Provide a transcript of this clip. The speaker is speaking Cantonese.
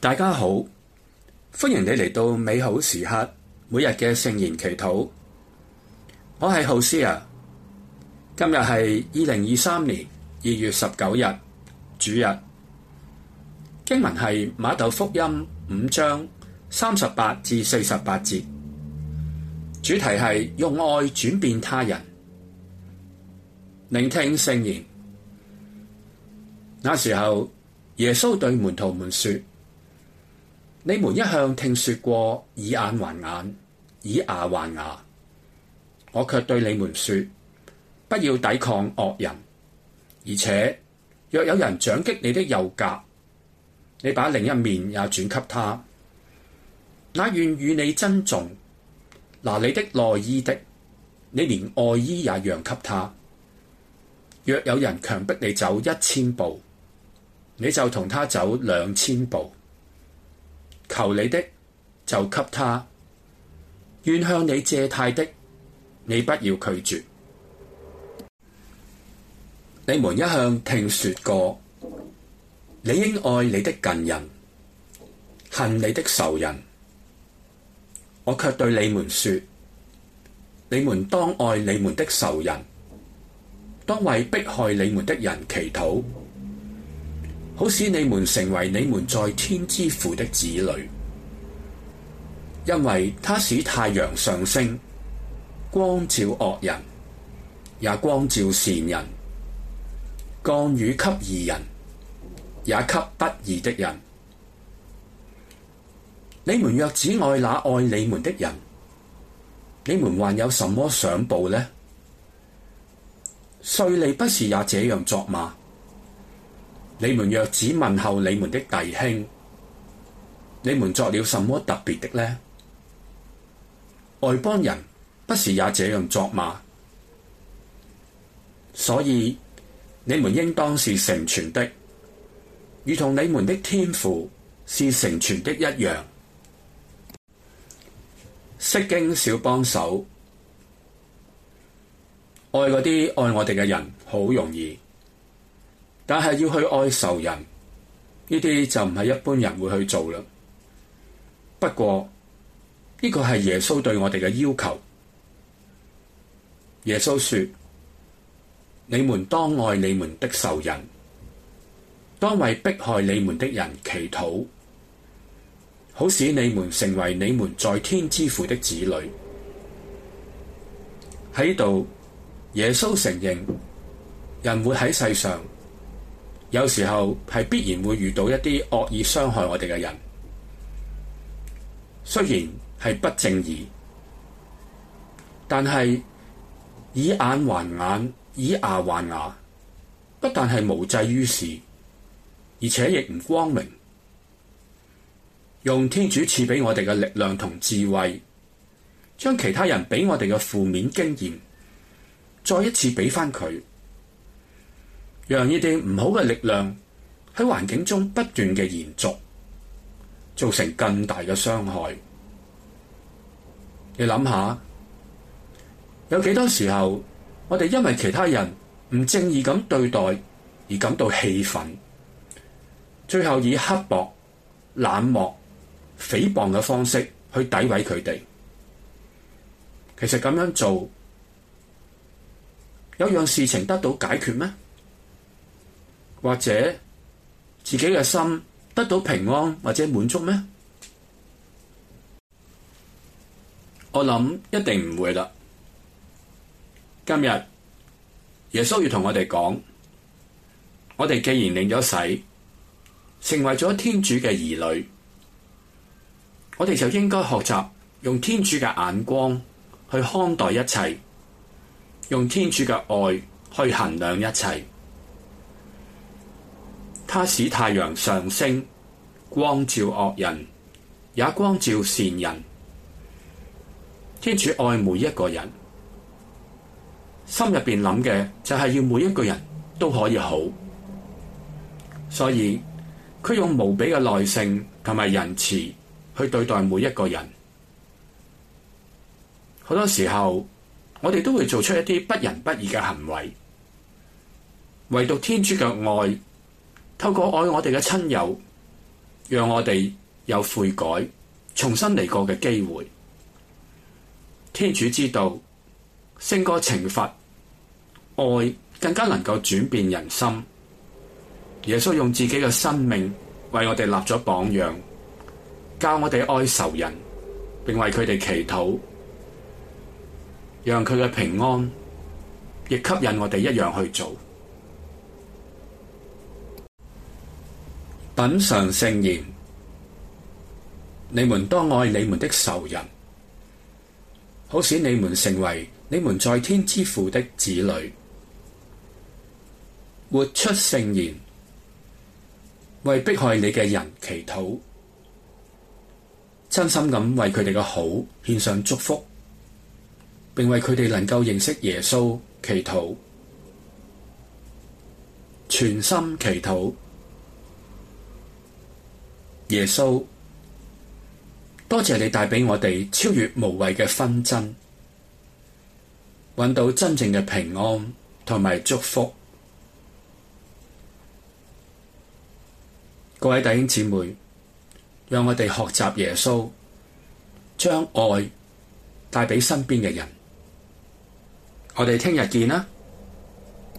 大家好，歡迎你嚟到美好時刻每日嘅聖言祈禱。我係浩斯啊，今日係二零二三年二月十九日主日。經文係馬竇福音五章三十八至四十八節，主題係用愛轉變他人。聆聽聖言。那時候，耶穌對門徒們說。你們一向聽說過，以眼還眼，以牙還牙，我卻對你們說，不要抵抗惡人。而且若有人掌擊你的右頰，你把另一面也轉給他；那願與你爭訟，拿你的內衣的，你連外衣也讓給他。若有人強迫你走一千步，你就同他走兩千步。求你的就給他，願向你借貸的，你不要拒絕。你們一向聽說過，你應愛你的近人，恨你的仇人。我却對你們說，你們當愛你們的仇人，當為迫害你們的人祈禱。好使你們成為你們在天之父的子女，因為他使太陽上升，光照惡人，也光照善人；降雨給義人，也給不義的人。你們若只愛那愛你們的人，你們還有什麼賞報呢？稅吏不是也這樣作嗎？你們若只問候你們的弟兄，你們作了什麼特別的呢？外邦人不是也這樣作嗎？所以你們應當是成全的，如同你們的天父是成全的一樣。釋經小幫手，愛嗰啲愛我哋嘅人，好容易。但係要去愛仇人，呢啲就唔係一般人會去做啦。不過呢個係耶穌對我哋嘅要求。耶穌說：你們當愛你們的仇人，當為迫害你們的人祈禱，好使你們成為你們在天之父的子女。喺度，耶穌承認人活喺世上，有時候係必然會遇到一啲惡意傷害我哋嘅人，雖然係不正義，但係以眼還眼，以牙還牙，不但係無濟於事，而且亦唔光明。用天主賜畀我哋嘅力量同智慧，將其他人畀我哋嘅負面經驗，再一次畀返佢。讓呢啲唔好嘅力量喺環境中不斷嘅延續，造成更大嘅傷害。你諗下，有幾多時候我哋因為其他人唔正義咁對待而感到氣憤，最後以刻薄、冷漠、誹謗嘅方式去詆毀佢哋。其實咁樣做，有讓事情得到解決咩？或者自己嘅心得到平安或者滿足咩？我諗一定唔會啦。今日耶穌要同我哋講，我哋既然領咗洗，成為咗天主嘅兒女，我哋就應該學習用天主嘅眼光去看待一切，用天主嘅愛去衡量一切。他使太陽上升，光照惡人，也光照善人。天主愛每一個人，心入邊諗嘅就係要每一個人都可以好。所以，佢用無比嘅耐性同埋仁慈去對待每一個人。好多時候，我哋都會做出一啲不仁不義嘅行為，唯獨天主嘅愛，透過愛我哋嘅親友，讓我哋有悔改、重新嚟過嘅機會。天主知道，勝過懲罰，愛更加能夠轉變人心。耶穌用自己嘅生命為我哋立咗榜樣，教我哋愛仇人，並為佢哋祈禱，讓佢嘅平安亦吸引我哋一樣去做。品嚐聖言，你們當愛你們的仇人，好使你們成為你們在天之父的子女。活出聖言，為迫害你嘅人祈禱，真心咁為佢哋嘅好獻上祝福，並為佢哋能夠認識耶穌祈禱。全心祈禱。耶穌，多謝你帶畀我哋超越無謂嘅紛爭，揾到真正嘅平安同埋祝福。各位弟兄姊妹，讓我哋學習耶穌，將愛帶畀身邊嘅人。我哋聽日見啦。